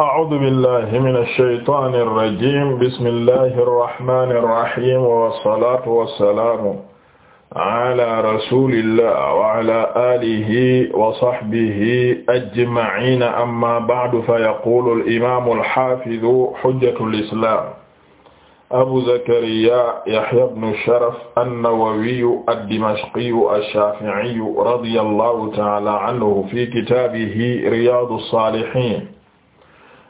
أعوذ بالله من الشيطان الرجيم بسم الله الرحمن الرحيم والصلاة والسلام على رسول الله وعلى آله وصحبه أجمعين أما بعد فيقول الإمام الحافظ حجة الإسلام أبو زكريا يحيى بن الشرف النووي الدمشقي الشافعي رضي الله تعالى عنه في كتابه رياض الصالحين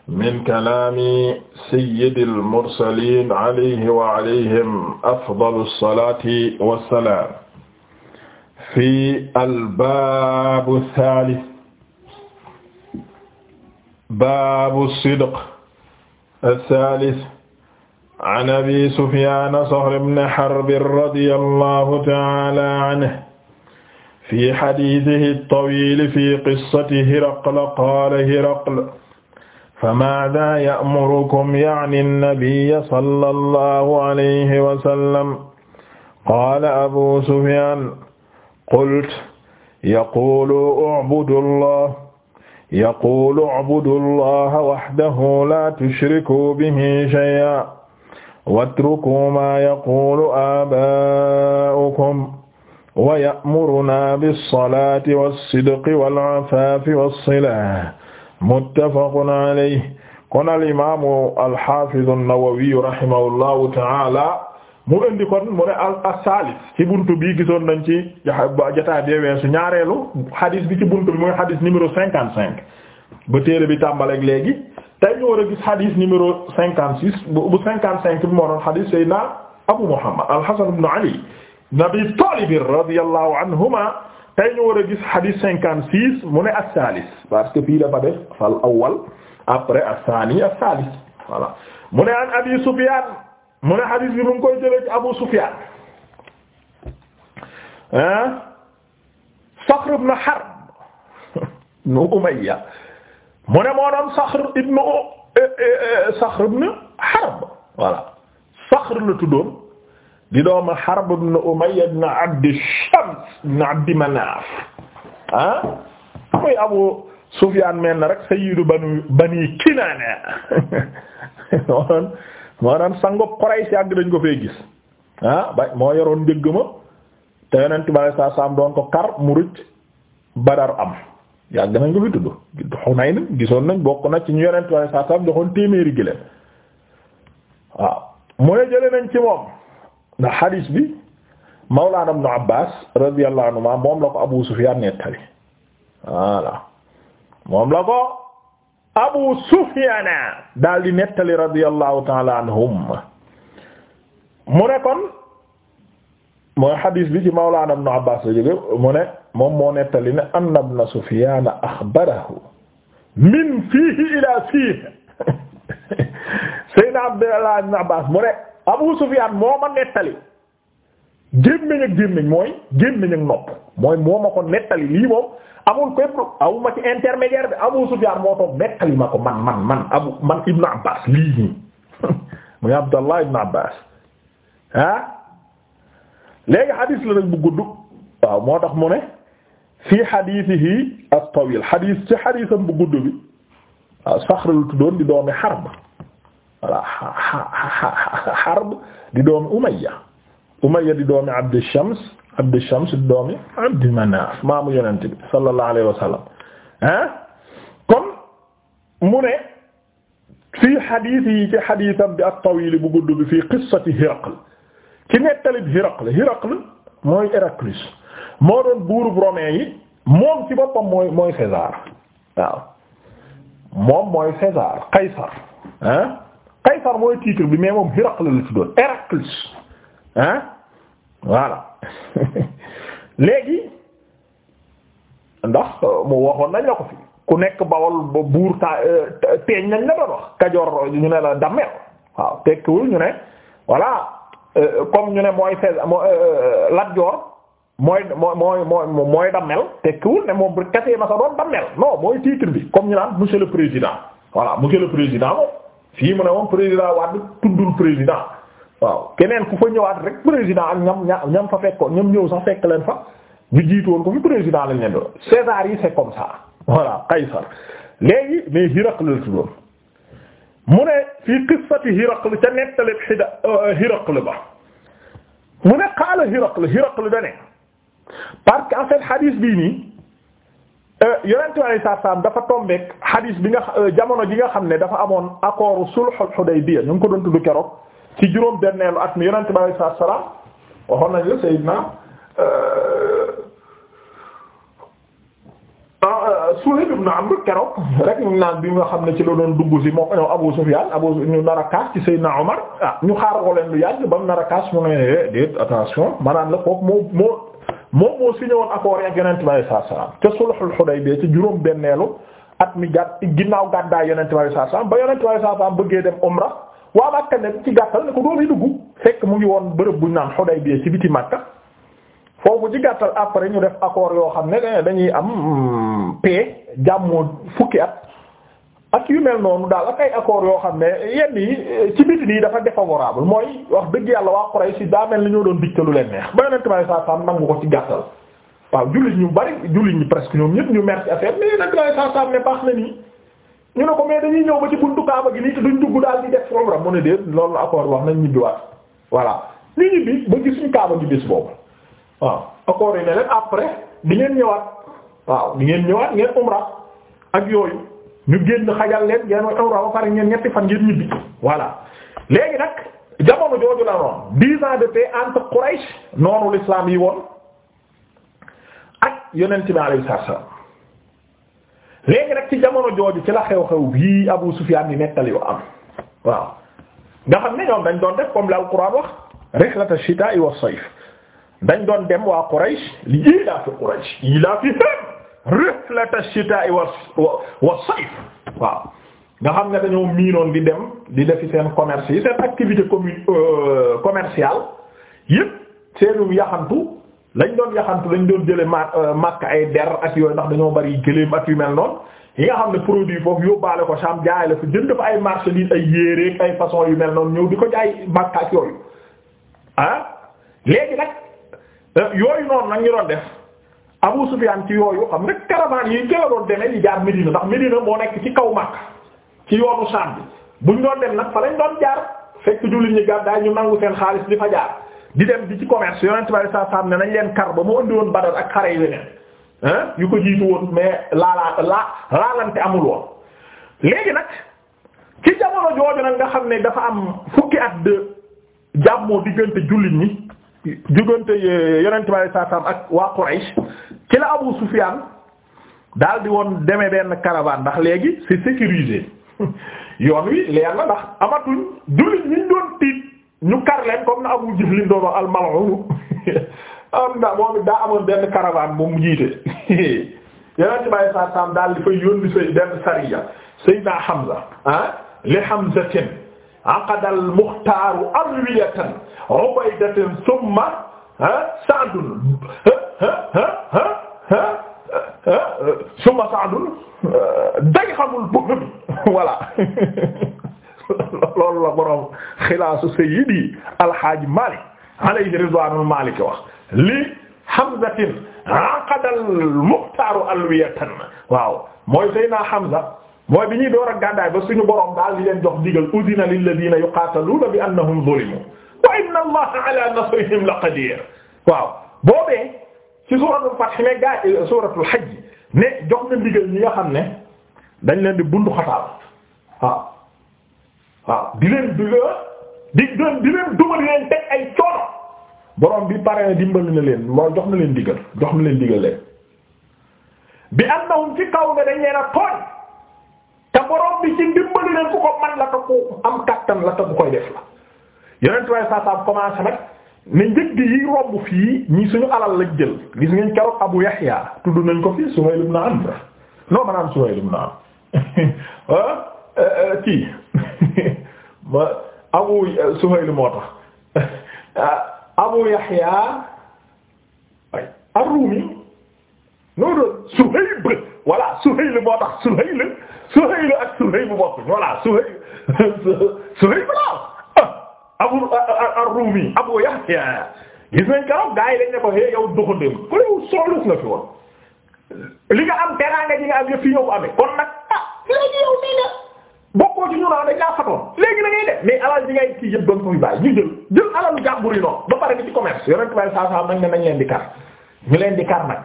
min kalaami sayyidil mursaliin alayhi wa alayhim afdalu salaati wa salaam fi albaabu saalis baabu sidq saalis an abi sufyaan saxr ibn harb radiyallaahu ta'aalaa anhu fi hadiisihi at-tawiil fi qissati hiraqla qaala hiraqla فماذا يأمركم يعني النبي صلى الله عليه وسلم قال أبو سفيان قلت يقول اعبدوا الله يقول اعبدوا الله وحده لا تشركوا به شيئا واتركوا ما يقول آباؤكم ويأمرنا بالصلاة والصدق والعفاف والصلة muttafaqun alayhi kon al imaamu alxafidu an-Nawawi rahimahullahu taala mu indi kon mu ne al asaalis ci buntu bii gisoon nañ ci jotaay bi weesu ñaareelu xadis bi ci buntu bi mooy xadis numéro cinquante cinq ba téere bi tàmbaleeg léegi tey ñu war a gis xadis numéro cinquante six bu cinquante cinq bi moo doon xadis Seydina Abu Muhammad al-Hasan ibn Ali ibn Abi Talib radiyallahu anhuma tey ñu war a gis hadith cinquante six mu ne as-salis parce que fii dafa def fal awwal après as-sani as-salis voilà mu ne an abi Sufyan mu ne hadith bi mu ngi koy jëlee ci Abu Sufyan ah Saxr ibn Harb ibn Umayya mu ne moo doon Saxr ibn eh, eh, eh, Saxr ibn Harb voilà Saxr la tuddoon di doomu Harb ibn Umayya ibn Abd Shams ibn Abd Manaf ah muy Abu Sufyan mel na rek sayyidu banu bani Kinana moo doon moo doon sango Quraysh yàgg dañ ko fee gis ah ba moo yoroon njëgg ma te Yonent bi sallallahu alayhi doon ko kar mu rëcc Badar am yàgg nañ ko fi tudd Hunayn gisoon nañ bokk na ci ñu Yonent bi sallallahu joxoon téeméeri gëléem waaw mu ne nañ ci moom. ndax xadiis bi mawlaana ibnu Abbaas radiyallahu anhuma moom la ko Abu Sufyaan nettali voilà moom la ko Abu Sufyaan daal di nettali radiyallahu ta'ala anhum mu ne kon mooy xadiis bi ci mawlaana ibnu Abbaas la jóge mu ne moom moo nettali ne anna ibna Sufyaan axbarahu min fiihi ilaa fiihi Seydina Abdullah ibnu Abbaas mu ne Abu Sufyaan moo ma nettali gémmiñ ak gémmiñ mooy gémmiñ ak nopp mooy moo ma ko nettali lii moom amul képp aw ma ci intermédiaire bi Abu Sufyaan moo toog nettali ma ko man man man Abu man Ibn Abbas lii nii muy Abdallah Ibn Abbas ah léegi xadiis la nag bu gudd waaw moo tax mu ne fii xadiisihi at-tawiil xadiis ci xadiisam bu gudd bi waaw Saxr la tuddoon di doomi Harb voilà Harb di doomi Umayya Umayya di doomi Abd Shams Abd Shams di doomi Abd Manaf maamu yonent bi sallallahu alayhi wa sallam ah kon mu ne fii xadiis yi ci xadiisam bi at-tawiil bu gudd bi fii qissati Hiraql ci nettalib Hiraql Hiraql mooy Héraclius moo doon buurub romain yi moom ci boppam mooy mooy César waaw moom mooy César Qaysar ah Kaysar mooy titre bi mais moom Héraclius la si doon Héraclius ah voilà léegi ndax euh, mu waxoon nañ la ko fi ku nekk bawol ba buur ta euh, teeñ nañ la doon wax Kajoor ñu ne la Damel waaw tekkiwul ñu ne voilà euh, comme ñu ne mooy Fès Lat Joor mooy mooy mooy mooy Damel tekkiwul ne moom bu kasee ma sa doon Damel non mooy titre bi comme ñu naan monsieur le président voilà monsieur le président moom. fii mu ne moom président Wade tuddul président waaw keneen ku fa ñëwaat rek président ak ñam ñam fa fekkoon ñam ñëw sax fekk leen fa ñu jiitoon ko fi président lañ leen doon César yi c'est comme ça voilà Qaysar léegi mais Hiraql la mu ne fii qissati Hiraql ca nettali xida euh, ba mu ne qaala Hiraql Hiraql da ne parce que en fait hadith bii nii. Euh, yonent bi alayhi salaam dafa tombeek hadis bi nga euh, jamono ji nga xam ne dafa amoon accord sulhul Hudaybiya ñu ngi ko doon tudd keroog ci juróom benneelu at mi yonent bi alayhi salaam waxoon nañu la Seydina euh, ah, Suhayb ibn naan bi nga xam ne ci la doon dugg si moo ko Abu Sufyaan Abu ñu nar kaas ci Seydina Omar ah ñu xaar ko leen lu yàgg ba mu nar a kaas mu ne eh, déet attention maanaam la kooku moo moo. moom moo signé woon accord ak yonent bi alayhi salaam te sulhul Hudaybiya ci juróom benneelu at mi gàtt ginnaaw gàddaay yonent bi alayhi salaam ba yonent bi alayhi salaam bëggee dem umra waa Makka ne ci gàttal ne ko doo fi dugg fekk mu ngi woon bërëb bu ñu naan Hudaybiya ci biti Makka foofu ci gàttal après ñu def accord yoo xam ne dañuy am paix jàmmoo fukki at. ak yu mel noonu daal ak ay yoo xam ne yenn yi eh, ci biti nii dafa défavorable mooy wax dëgg yàlla waa Quraysh si daa mel ni ñoo doon dicté lu leen neex ba yonent bi saa ko ci ñu bari jullit ñi presque ñu merci affaire mais yonent bi saa saam ne baax na nii ñu ne ko mais dañuy ñëw ba ci buntu Kaaba gi nii te duñ dugg daal di def programme mu ne déet loolu accord wax nañ ñibbiwaat voilà ñu ñibbi ba gis suñ Kaaba gi bés boobu waaw accord yi ne leen après di ngeen ñëwaat waaw di ngeen ñëwaat ngeen umra ak yooyu ñu génn xajal leen ngeen wa umra ba pare ngeen ñetti fan ngeen ñibbi voilà léegi nag jamono jooju la noonu dix ans de paix entre Quraysh noonu l'islam yi woon ak yonent bi alayhi salaam léegi nag ci jamono jooju ci la xew-xew bii Abu Sufyaan yi nettali yoo am waaw nga xam ne ñoom dañ doon def comme la Alxuraan wax rihlata shitaa'i wa sayf dañ doon dem waa Quraysh li ilaafi Quraysh ilaafihim rihlat ash-shitaa'i wa sayf waaw nga xam ne dañoo miinoon di dem di defi seen commerce yi seen activité commune euh, commerciale yépp seenu yaxantu lañ doon yaxantu lañ doon jële màkk euh, ay der ak yooyu ndax dañoo bari gëléem ak yu mel noon yi nga xam ne produit foofu yóbbaale ko Sham jaay la fa jënd fa ay marchandises ay yéreek ay façon yu mel noonu ñëw di ko jaay màkk ak yooyu ah léegi nag euh, yooyu noonu nag ñu doon def Abu Sufyaan ci yooyu xam nga caravane yi nga doon demee yi jaar Medina ndax Medina moo nekk ci kaw Makka ci yoonu Saam bi buñ doon dem nag fa lañ doon jaar fekk jullit ñi gàddaay ñu nangu seen xaalis di fa jaar di dem di ci commerce Yonent bi sallallahu alayhi wasallam ne nañ leen kar ba mu indi woon Badar ak xare yi leneen yu ko jiitu woon mais laalaa laa laalante amul léegi nag ci jamono jooju nag nga xam ne dafa am fukki at de jàmmoo diggante jullit ñi. jugante yonent bi alayhi salaam ak waa Quraysh ci la Abu Sufyaan daal di woon demee benn caravane ndax léegi c'est sécurisé yoon wi leer na ndax amatuñ jullit ñu kar leen comme na Abu Jahl doon wax al am na moom daa amoon benn caravane bu mu jiite yonent bi alayhi salaam daal di fay yónni say benn sariya Seydina Hamza ah li Hamza ten aqadal muxtaaru alwiyatan ubaydatan summa sa'dun summa sa'dun day xamul bëgg bi voilà loolu la borom xilaasu sayyidi alxaaji Malik alayhi ridwaanul Malik wax li Hamzatin aqadal muxtaaru alwiyatan waaw mooy Seyna Hamza mooy bi ñuy door ak gàddaay ba suñu borom daal i leen jox digal udina lilladina yuqaataluuna bi annahum zulimu wa inna allaha ala nasrihim la qadir waa boobee ci suratul fath ne gaa suratul hajj ne jox na digal ñi nga xam ne dañ leen di bundu xataal waaw borom bi pare dimbali na leen moo jox na leen digal jox na leen digal leen bi annahum ci kaw nga dañ a tooñ te borom bi ci dimbali leen ku ko man la te ku am kattan la te bu koy def la yeneen trois cent ans commencé nag ne njëg yi romb fii ñii suñu alal la jël gis ngeen keroog Abu Yahya tudd nañ ko fii Suhayl ibn Amr non ma naan Suhayl ibn Amr ah eh, eh, kii Abu eh, moo tax ah, Abu Yahya ay ar-Rumi noonu voilà Suhayl moo tax Suhayl Suhayl ak Suhayb bokk voilà Suhayl Suhayb la ah, Abu ah, ah, ar-Rumi Abu Yahya gis nañ keroog gars yi dañ ne ko eh yow doxandéem ku yow soxla nga fi woon li nga am teraanga ji nga am yëpp fi ñëw amee kon nag ah léegi yow nii la bokkoo ci ñu naan dañ laa fatoon léegi da ngay def mais alal ji ngay kii yëpp doon koy bàyyi ñu jël jël alalu jàmbur yi noonu ba pare bi ci commerce yonent bi sallallahu alayhi wasallam nag ne nañ leen di kar ñu leen di kar nag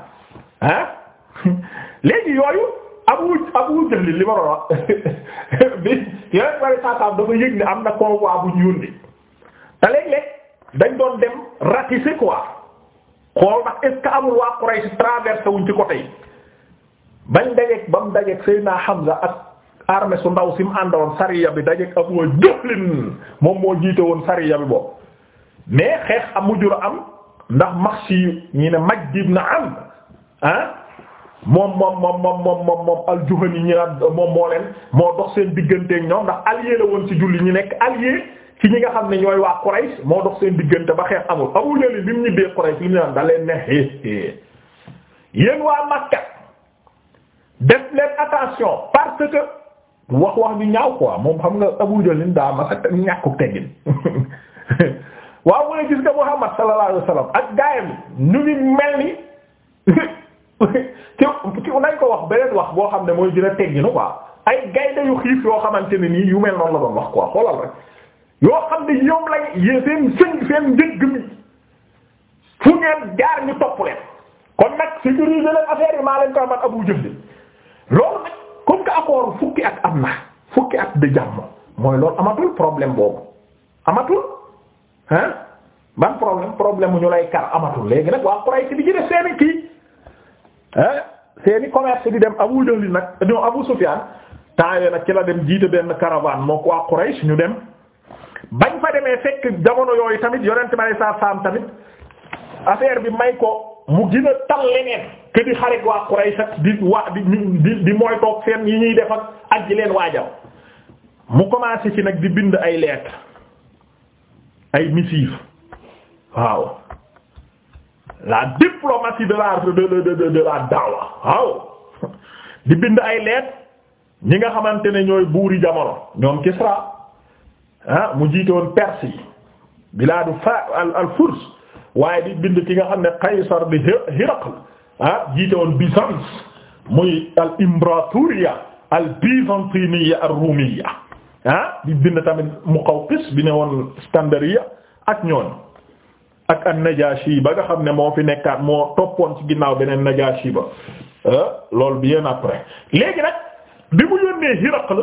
ah léegi yooyu Abu Abu Jahl li ma wax bi yooyu bari saasaam dafa yëg ne am na convoi bu ñu yónni te léeg-léeg dañ doon dem ratisser quoi xool ndax est-ce que amul waa Quraysh traversé wuñ ci côté yi bañ dajeek ba mu dajeek Seydina Hamza ak armée su ndaw si mu àndoon sariya bi dajeek Abu Jahl moom moo jiite woon sariya bi boobu mais xeex am mujjur am ndax Maxshi ñi ne Majd ibn na am ah, moom moom moom moom moom moom moom al-Juhani ñi naan moom moo leen moo dox seen digganteeg ñoom ndax allié la woon ci julli ñi nekk allié ci ñi nga xam ne ñooy waa Quraysh moo dox seen diggante ba xeex amul Abu Jahl bi mu ñibbee Quraysh li mu naan da leen ne hee yéen waa Makka def leen attention parce que wax wax ñu ñaaw quoi moom xam nga Abu Jahl daa ma ak ñàkku teggin waaw mooy gis nga Muhammad sallallahu alayhi wasallam ak gaayam ñu ngi mel ni. ci ci nañ ko wax beneen wax boo xam ne mooy dina teggi na quoi ay gaynde yu xiif yoo xamante ne nii yu mel noonu la doon wax quoi xoolal rek yoo xam ne ñoom lañ yéen seen sëñ seen njëgg mi fu ngeen jaar ñu topp leen kon nag sécuriser leen affaire yi maa leen abu jëndi loolu nag comme que fukki at am na fukki at de jàmm mooy loolu amatul problème boobu amatul ah ban problème problème mu ñu lay kar amatul léegi nag waa Quraysh bi ci def seen seeni commerce di dem Abu Jahl nag ñoo Abu Sufyan taayoo nag ci la dem jiite benn caravane moo ko waa Quraysh ñu dem bañ fa demee fekk jamono yooyu tamit yonent ma ne saa saam tamit affaire bi may ko mu gën a tal leneen que di xarit waa Quraysh ak di waa di di di mooy toog seen yi ñuy def ak ak ji leen jaw mu commencé ci nag di bind ay lettres ay missives waaw la diplomatie de la de de de de la daawa waaw di bind ay leet ñi nga xamante ne ñooy buuri jamono ñoom Kisra ah, mu jiite woon Perse bilaadu fa al Furs waaye di bind ki nga xam ne Qaysar di Hiraql ah jiite woon Byzance muy al imbraturia al byzantiniya ar rumiya ah bind tamit Muqawqis bi ne woon ak ñoon ak an Najashi ba nga xam ne moo fi nekkaat moo toppoon ci ginnaaw beneen Najashi ba euh, loolu bien après léegi nag bi mu yónnee Hiraql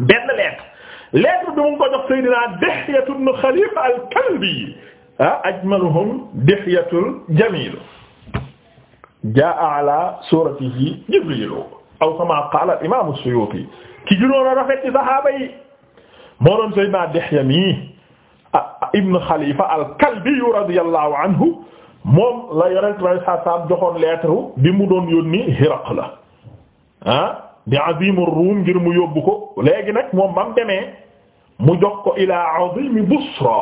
benn lettre lettre bi mu ko jox Seydina Dihyatu ibn Khalifa al-Kalbi ah ajmaluhum Dihyatul Jamil jaa ala suratihi Jibril aw kama qala al-imam as-Suyuti ki junoon a rafet ci saxaaba yi moo doon Seydina Dihya mi ibn Khalifa al-Kalbi radiyallahu anhu moom la yonent may saasaam joxoon lettre bi mu doon yónni Hiraqla la ah, di azim ar ngir mu yóbbu ko léegi nag moom ba mu demee mu jox ko ilaa azim Busra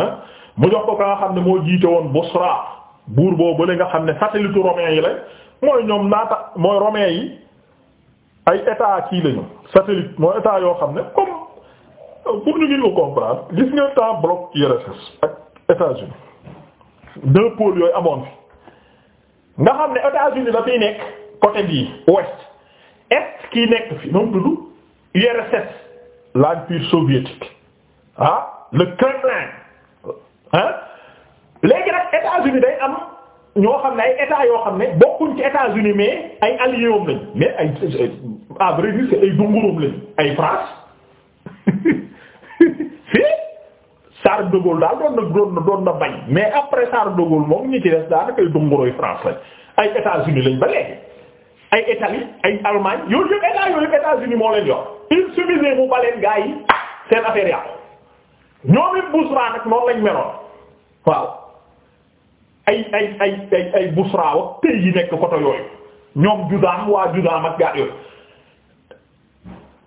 ah mu jox ko ka xam ne moo jiite woon Busra buur boobu la nga xam ne satellite romain yi la mooy ñoom naata mooy romain yi ay état kii lañu satellite mooy état yoo xam ne comme pour ñu ngi ko comprendre gis nga temps bloc URSS ak États-Unis deux pôles yooyu amoon fi nga xam ne États-Unis dafay nekk côté bii ouest est kii nekk fi moom tudd URSS l'empire soviétique ah le Kremlin États-Unis day am ñoo xam ne ay états yoo xam ne bokkuñ ci États-Unis mais ay alliés lañ mais ay à vrai dire ay dungurum lañ ay France fii Charles de daal doon na doon na doon na bañ mais après Charles de Gaulle moom ñi ci des daanaka ay France lañ ay États-Unis lañ ba léegi ay Italie ay Allemagne yooyu yooyu États-Unis moo leen yor il suffisait mu baleen gaa yi seen affaire yàqu ñoom it Bousra nag noonu lañ meloon waaw ay ay ay ay ay Bousra wax tey yi nekk côté yooyu ñoom Judaam waa Judaam ak gaa yooyu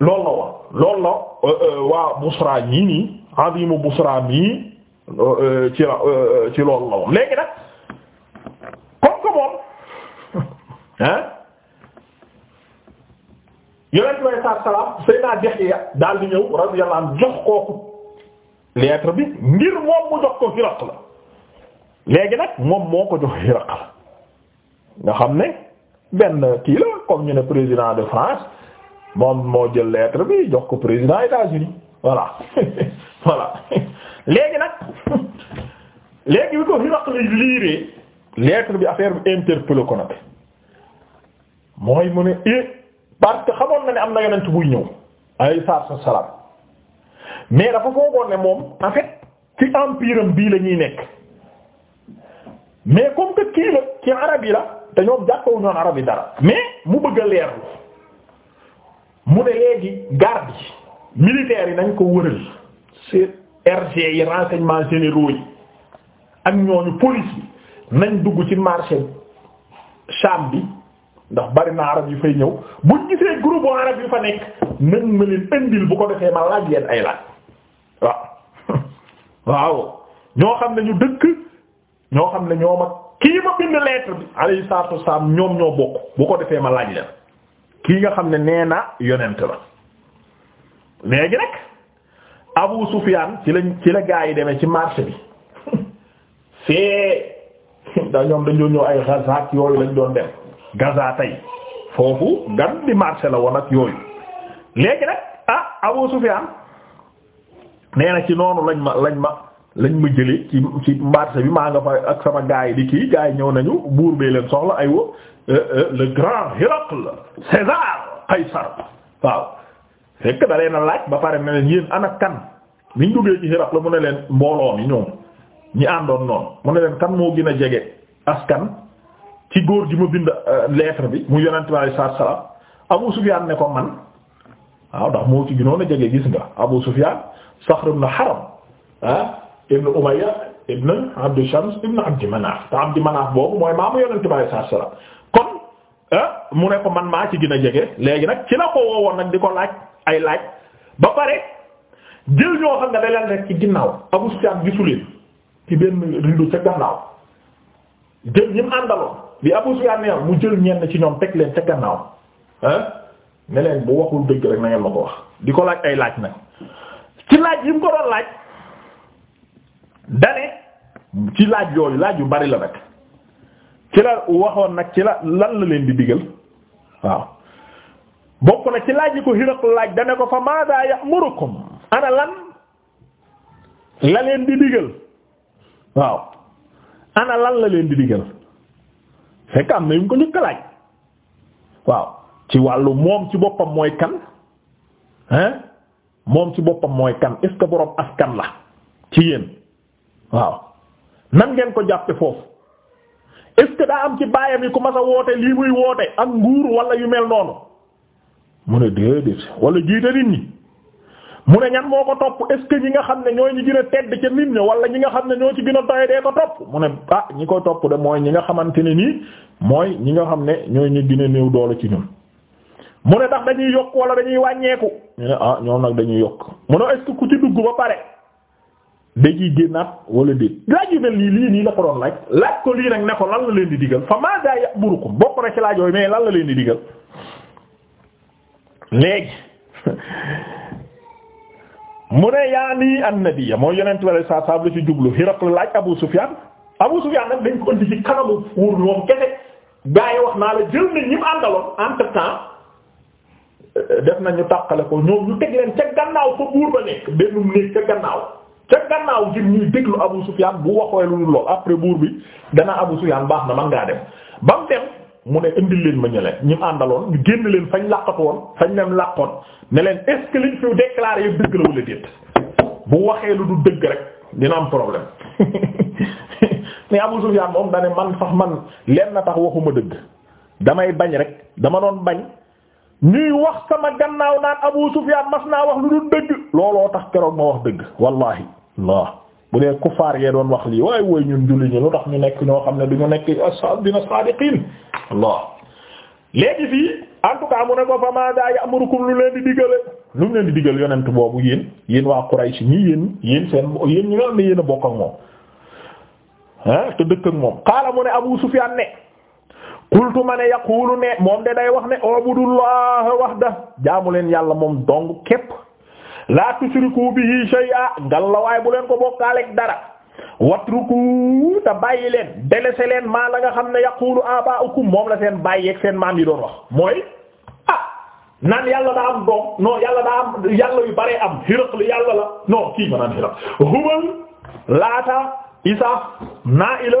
loolu la wax loolu la euh, euh, waa Busra ñii nii adimu Busra mii euh, ci la ci loolu la wax léegi nag comme que moom ah yonent bi saa salaam Seydina Dihya daal di ñëw radiyallahu anhu jox kooku lettre bi ngir moom mu jox ko Hiraql la léegi nag moom moo ko jox Hiraql la nga xam ne benn kii la comme ñu ne président de France. moom moo jël lettre bi jox ko président États-Unis voilà voilà léegi nag léegi bi ko Hiraql liiree lettre bi affaire bi interpellé ko nag mooy mu ne eh, parce que xamoon na ne am na yonent buy ñëw ay saatu salaam mais dafa foogoon ne moom en fait ci empire bii lañuy ñuy nekk mais comme que kii la ci arab yi la te ñoom jàppawu ñoon arab yi dara mais mu bëgg a leerlu mu ne léegi garde yi militaires yi nañ ko wëral ci RG yi renseignements généraux yi ak ñooñu police yi nañ dugg ci marché Sham bi ndax bari na arab yu fay ñëw buñ gisee groupe arab yu fa nekk nañ ma leen indil bu ko defee ma laaj leen ay laaj waaw waaw ñoo xam ne ñu dëkk ñoo xam ne ñoo mag kii ma bind lettre bi alayhi salaatu wasalaam ñoom ñoo bokk bu ko defee ma laaj leen kii nga xam ne nee na yonent la léegi nag Abu Sufyan ci lañ ci la gaa yi demee ci marché bi fee da ñoom dañoo ñëw ay Gaza yooyu lañ doon dem Gaza tey foofu gan di marché la woon ak yooyu léegi nag ah Abu Sufyan nee ci noonu lañ ma lañ ma. lañu ma jëlee ci ci bi maa nga fa ak sama gaay di kii gaay ñëw nañu buur bee leen soxla ay wo euh, euh, le grand la César Qaysar waaw fekk da leen a laaj ba pare na leen yéen ana kan liñ duggee ci Héraclius la mu ne leen mbooloo mi ñoom ñi àndoon noonu mu ne leen kan moo gën a jege askan ci góor gi ma bind euh, lettre bi mu yonent bi alayhi salaatu salaam Abu Sufyaan ne ko man waaw ndax moo ci gënoon jege gis nga Abu Sufyaan Saxr ibn Harb ah ibn Umayya ibn Abd Shams ibn Abd Manaf te Abd Manaf boobu mooy maamu Yonent bi alayhi salaam kon ah, mu ne ko man maa ci gën a jege léegi nag ci la ko woowoon nag di ko laaj ay laaj ba pare jël ñoo xam nga da leen rek ci ginnaaw Abu Sufyaan gisu leen ci benn rido ca gannaaw jël ñi mu àndaloon bi Abu Sufyaan ne mu jël ñenn ci ñoom teg leen ca gannaaw ah ne leen bu waxul dëgg rek na ngeen ma ko wax di ko laaj ay laaj nag ci laaj yi mu ko doon laaj. dane ci laaj yooyu laaj yu bari la nag ci la waxoon nag ci la lan la leen di digal waaw bokk na ci laaj yi ko Hiraql laaj dane ko fa maada ya'murukum ana lan la leen di digal waaw ana lan la leen di digal fekk am na yu ko njëkk laaj waaw ci wàllu moom ci boppam mooy kan hein moom ci boppam mooy kan est-ce que boroom askan la ci yéen waaw nan ngeen ko jàppe foofu est-ce daa am ci baayam yi ku mas a woote lii muy woote ak nguur wala yu mel noonu mu ne déedéet wala jiite nit ñi mu ne ñan moo ko topp est-ce ñi nga xam ne ñooy ñi gën a tedd ca wala ñi nga xam ne ñoo ci gën a dee ko topp mu ne ah ñi ko topp de mooy ñi nga xamante ne nii mooy ñi nga xam ne ñooy ñi gën a néew doole ci ñun mu ne tax dañuy yokk wala dañuy wàññeeku ñu ne ah, ñoom nag dañuy yokk mu ne est ku ci dugg ba pare da ciy génnaat wala déet laaj yu mel nii lii nii ko doon lii nag ne la leen di digal fa maa daa ya'murukum bokk na ci laaj yooyu di digal léegi mu ne yaa nii annabiya mooy yonent wala saa saab la ci laaj Abu Sufyan Abu Sufyan nag dañ ko ëndi ci kanamu wóor moom kese gaa yi wax naa la jël na ñi àndaloon entre temps def nañu tàqale ko ñoom ñu teg leen ca gannaaw fa buur ba nekk bennum néeg ca gannaaw ca gannaaw ngir ñuy déglu Abu Sufyan bu waxee lu lool après buur bi dana Abu Sufyan baax na man ngaa dem ba mu dem mu ne indil leen ma ñu leen ñu àndaloon ñu génn leen fañ làqatu woon fañ leen làqoon ne leen est ce fi déclaré dëgg la wala déet bu waxee lu du dëgg rek dina am problème mais Abu Sufyan moom da man sax man leen na tax waxuma dëgg damay bañ rek dama doon bañ. ñuy wax sama gannaaw naan Abu Sufyan mas naa wax lu looloo tax keroog ma wax dëgg wallahi non bu dee kufaar yee doon wax lii waaye wooy ñun julli ñu lu tax ñu nekk ñoo xam ne du ñu nekk dina saadiqiin Allah léegi fii en tout cas mu ne ko fa maa daa ya'murukum lu leen di digale lu mu leen di digal yonent boobu yéen yéen waa Quraysh ñii yéen yéen seen yéen ñu nga ne yéen a bokk moom ah te dëkk ak moom xaala mu ne Abu Sufyaan ne qultu ma ne yaqulu ne moom de day wax ne ubudullah wahda jaamu leen yàlla moom dong képp la tusriku bihi shay'a ngallawaay bu leen ko bokkaaleeg dara watruku te bàyyi leen délaissé leen maa la nga xam ne yaqulu aba'ukum moom la seen bàyyi ak seen maam yi doon wax mooy ah naan yàlla daa am doom non yàlla daa am yàlla yu bare am Hiraql yàlla la non kii ma naan Hiraql Hubal Laata Isaaf Naa'ila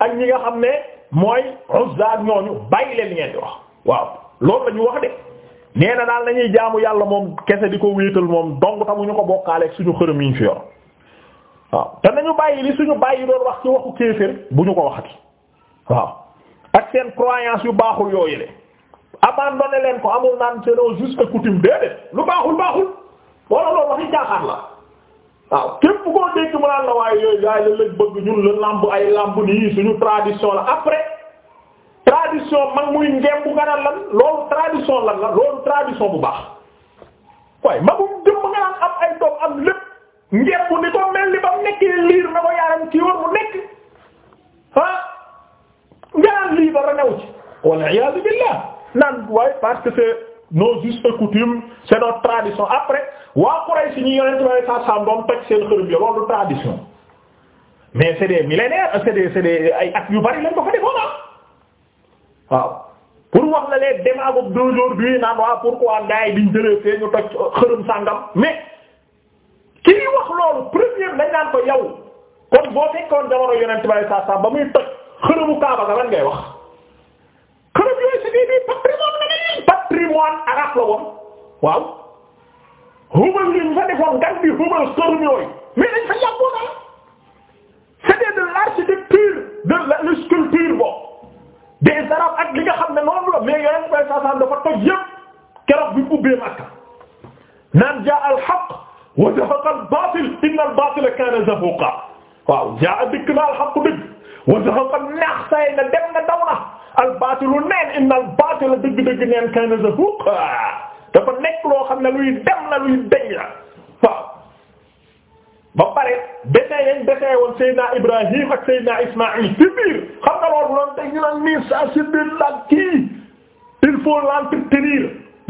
ak ñi nga xam ne mooy Uzza ñooñu bàyyi leen li di wax waaw loolu la wax de. nee na daal nañuy jaamu yàlla moom kese di ko wéetal moom dong tamuñu ko bokkaaleeg suñu xërëm yi ñu fi yor waaw te nañu bàyyi li suñu bàyyi doon wax ci waxu kéefër bu ñu ko waxati waaw ak seen croyance yu baaxul yooyu le abandonné leen ko amul naan c'est non juste coutume déedéet lu baaxul baaxul wala loolu waxi jaaxaar la waaw képp koo dégg mu naan la waaye yooyu gars yi lañ bëgg ñun la ay lamb nii suñu tradition la après. tradition mag muy ngembu nga naan lan loolu tradition lan la loolu tradition bu baax waaye magum jëm nga naan am ay doom am lépp ngembu ni ko mel ni ba mu nekk liir na ko yaaram ci yoon mu nekk ah nga naan lii dara new ci walla iyaazu billaah naan waaye parce que c'est nos us et coutumes c'est tradition après waa Quraysh ñu yonent bi sa sam doom toj seen xërëm yo loolu tradition mais c'est des millénaires c'est des c'est des ay at yu bari lañ ko fa defoon ah. waaw pour wax la les démagogues d'aujourd'hui naan waa pourquoi gars yi biñ jëlee fee ñu toj xërëm sàngam mais kii wax loolu première dañ naan ko yow kon boo fekkoon jamono yonent bari saa saa ba muy toj xërëmu Kaaba ga lan ngay wax xërëm yooyu si bii bii patrimoine na leen patrimoine arabe la woon waaw hubal li ñu fa defoon gan bi hubal xërëm yooyu mais dañ fa yàggoon na la c'était de l'architecture de la sculpture bon des arab ak li nga xam ne noonu la mais yonent bay saasan dafa toj yépp keroog bi ubbee Makka naan jaa al haqq wa zahaqa al baatil inna al baatila kaana zahuuqa waaw jaa dikk na al haqq dëgg wa zahaqa naax say na dem na daw na al baatilu neen inna al baatila dëgg-dëgg neen kaana zahuuqa dafa nekk loo xam ne luy dem la luy deñ la waaw ba pare dessin yañ dessin woon Seydina Ibrahim ak Seydina Ismaïl ci xam nga loolu loolu dañu naan nii saa si biir laaj kii il faut l'entretenir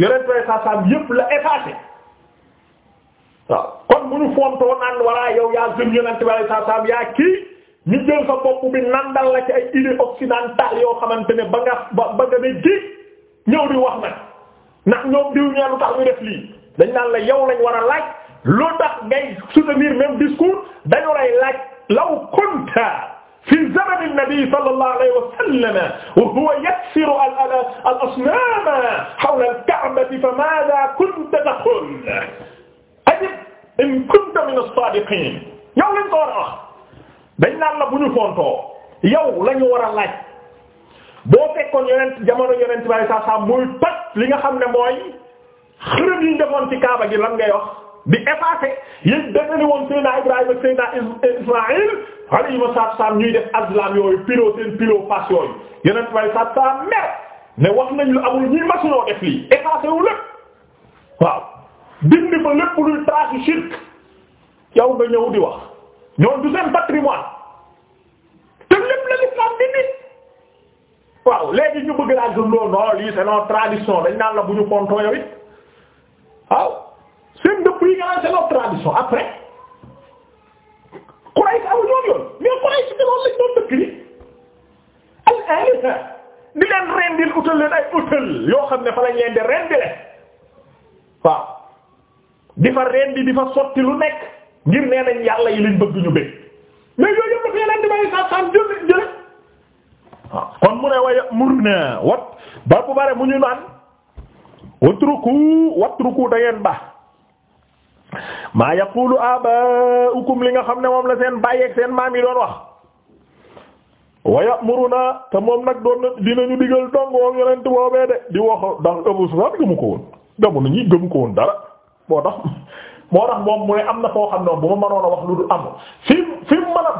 yore présence yëpp la effacé waaw kon bu ñu fontoo naan walla yow yaa gëm yonent bi saa saam yaa kii ñu jël sa bopp bi nandal la ci ay idées occidentales yoo xamante ne ba nga ba nga ne kii ñëw di wax nag ndax ñoom diw ñaar lu tax ñu def lii dañ naan la yow lañ war a laaj. lu tax ngay soutenir même discours dañu lay laaj law kunta fi zamani nabi sallallahu alayhi wa sallam wa huwa yaksiru al-asnaam hawla al-ka'bati fa maadha kunta taqul ajib in kunta min as-saadiqiin yow lañ ko war a wax dañ naan la bu ñu fontoo yow la ñu war a laaj boo fekkoon yonent jamono yonent bi sallallahu alayhi wa sallam muy pat li nga xam ne mooy xërëm yi ñu defoon ci kaaba gi lan ngay wax. di effacé yéen dégg nga woon Seyna Ibrahima Seyna Ismaïl alayhi salaam ñuy def azlam yooyu pilo seen pilo fas yooyu yeneen way saab saab mer ne wax nañ lu amul ñuy masinoo def lii effacé wu lépp waaw dindi fa lépp luy trace shirk yow nga ñëw di wax ñoom du seen patrimoine te lépp la l'islam dindi waaw léegi ñu bëgg laa gëm loolu non lii c'est notre tradition dañ naan la bu ñu kontoon yow it waaw. prix nga naan c'est notre tradition après Quraysh amul woon yoon mais Quraysh ci loolu lañ doon dëkk ni al di leen rendil utal leen ay utal yoo xam ne fa lañ leen di rendile waaw di fa rendi di fa sotti lu nekk ngir nee yàlla yi lañ bëgg ñu bëgg mais yooyu yëpp dafa yeneen di may sa san jël jël waaw kon mu ne waaye mur na wat ba bu bare mu ñu naan watruku watruku da ngeen ba maa yaqulu abaukum li nga xam ne moom la seen baay ak seen maam yi doon wax wa ya'muruna te moom nag doon dinañu digal dongoom yonent boobee de di wax ndax Abu Sufyaan gëmu ko woon damu na ñi gëmu ko woon dara moo tax moo tax moom mu ne am na xam ne moom ma mënoon wax lu am fi fi mu mën a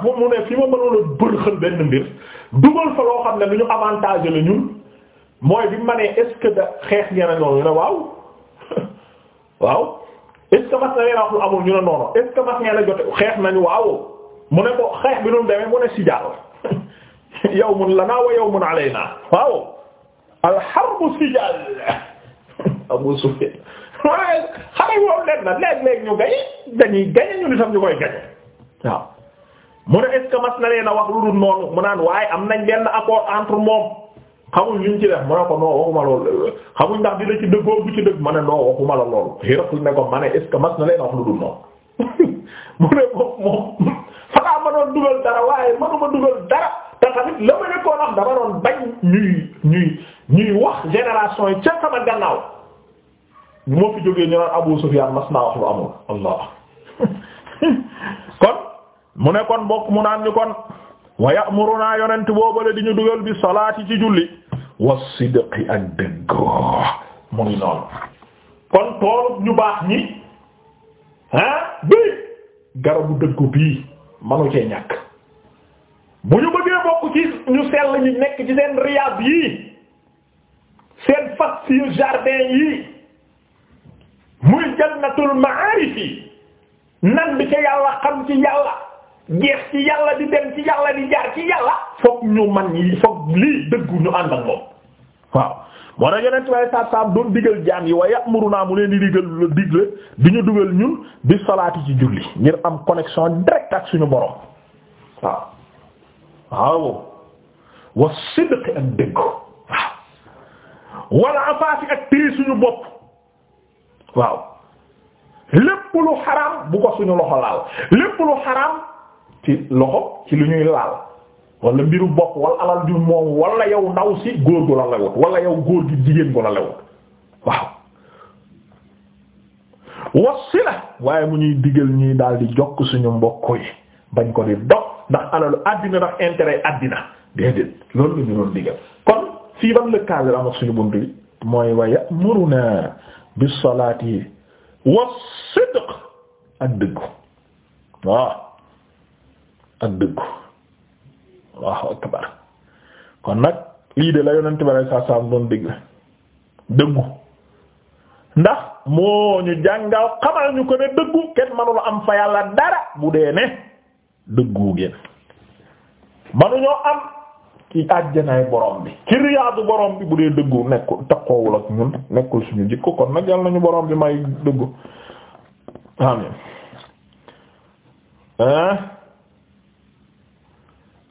ma mënoon a bërxal benn mbir dugal fa loo xam ne lu ñu avantage la ñun mooy bi ma nee da xeex ngeen a ñoom waaw waaw est ce que na leen wax lu amul ñu ne noonu est ce que mas ngeen la xeex nañu waaw mu ne ko xeex bi nu mu demee mu ne si jaal yawmun lanaa wa yawmun alaynaa waaw alxarbu sijaal Abu Sufyaan waaye xare woon leen na léeg-léeg ñu gañe dañuy gañe ñu li tam ñu koy gañe mu na leen a wax lu dul noonu mu naan waaye am nañ benn accord entre moom. xamuñ liñ ci def ma ne ko non waxuma loolu xamuñ ndax dina ci dëggoo bu ci dëgg ma ne non loolu Hiraql ne ko ma a est-ce que mas na leen wax lu dul noonu mu ne moom moom fanaa ma doon dugal dara waaye manuma dugal dara te tamit ma nekkoon wax dama doon bañ ñuy ñuy ñuy wax génération yi ca sama gannaaw bu ma fi jógee ñu naan Abu Sufyan mas naa wax lu amul Allah kon mu ne kon bokk mu naan ñu kon wa ya'muruna yonent boobale di ñu dugal bi salaati ci julli wa sidqi ak dëggoo mu ngi noonu kon tool ñu baax ñi ah bii garabu dëggu bii manu cee ñàkk bu ñu bëggee bokk ci ñu sell ñi nekk ci seen riyaad yi seen fas yu jardin yi muy jannatul ma'arif yi nan bi ca yàlla xam ci yàlla gees ci yàlla di dem ci yàlla di jaar ci yàlla fokk ñu man yi fokk lii dëggu ñu ànd ak moom waaw moo tax yonent way saab mu leen di digal digle di ñu dugal ñun bi salaati ci julli ngir am connexion direct ak suñu borom waaw waaw wa sidq ak dëggu waaw wala afaasi ak téye suñu bopp waaw lépp lu xaraam bu ko suñu loxo laal lépp lu xaraam ci loxo ci lu ñuy laal wala mbiru bopp wala alal ju moom wala yow ndaw si góor gu la lewut wala yow góor gi jigéen gu la lewut waaw wassi la waaye mu ñuy digal ñuy daal di jokk suñu mbokk yi bañ ko di dog ndax alalu àddina ndax intérêt àddina déedéet loolu la ñu doon digal kon fii ban lëkkaale la suñu bunt bi mooy wa ya'muruna bis salaati was sidq ak dëggu waaw ak dëggu Allahu akbar kon nag lii de la yonent bi sallallahu alayhi wasallam doon digle dëggu ndax moo ñu jàngal xamal ñu ko ne dëggu kenn manula am fa yàlla dara bu dee ne dëggu ngeen manuñoo am ci àjjanaay borom bi ci riyaadu borom bi bu dee dëggu nekkul takkoowul ak ñun nekkul suñu jikko kon nag yàlla nañu borom bi may dëggu amin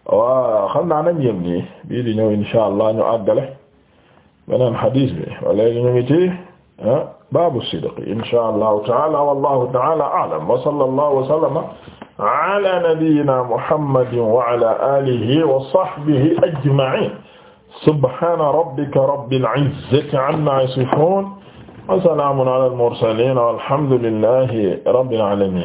waaw xam naa nañ yem nii bii di ñëw insha allah ñu àggale beneen xadiis bi wala ñu ngi ci ah, baabu sidq insha allahu taala wallahu taala a'lam wa sallallahu wa sallama ala nabiyyina muhammadin wa ala alihi wa sahbihi ajma'in subhana rabbika rabbil izzati amma yasifun wa salamun ala al mursalin walhamdulillahi rabbil alamin